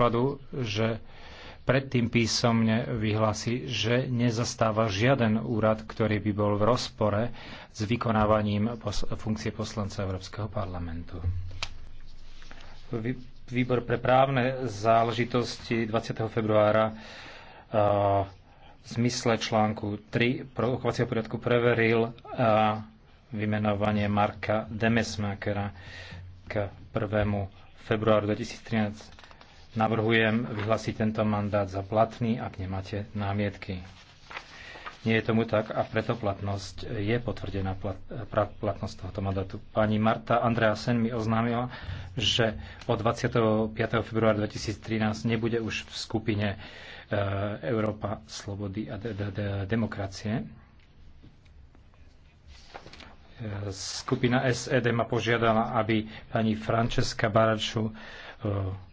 podkladu, že predtým písomne vyhlási, že nezastáva žiaden úrad, ktorý by bol v rozpore s vykonávaním pos- funkcie poslanca Európskeho parlamentu. Výbor pre právne záležitosti 20. februára v zmysle článku 3 provokovacieho poriadku preveril a vymenovanie Marka Demesmakera k 1. februáru 2013 Navrhujem vyhlásiť tento mandát za platný, ak nemáte námietky. Nie je tomu tak a preto platnosť je potvrdená plat, platnosť tohoto mandátu. Pani Marta Andreasen mi oznámila, že od 25. februára 2013 nebude už v skupine e, Európa slobody a de- de- de- demokracie. E, skupina SED ma požiadala, aby pani Francesca Baraču e,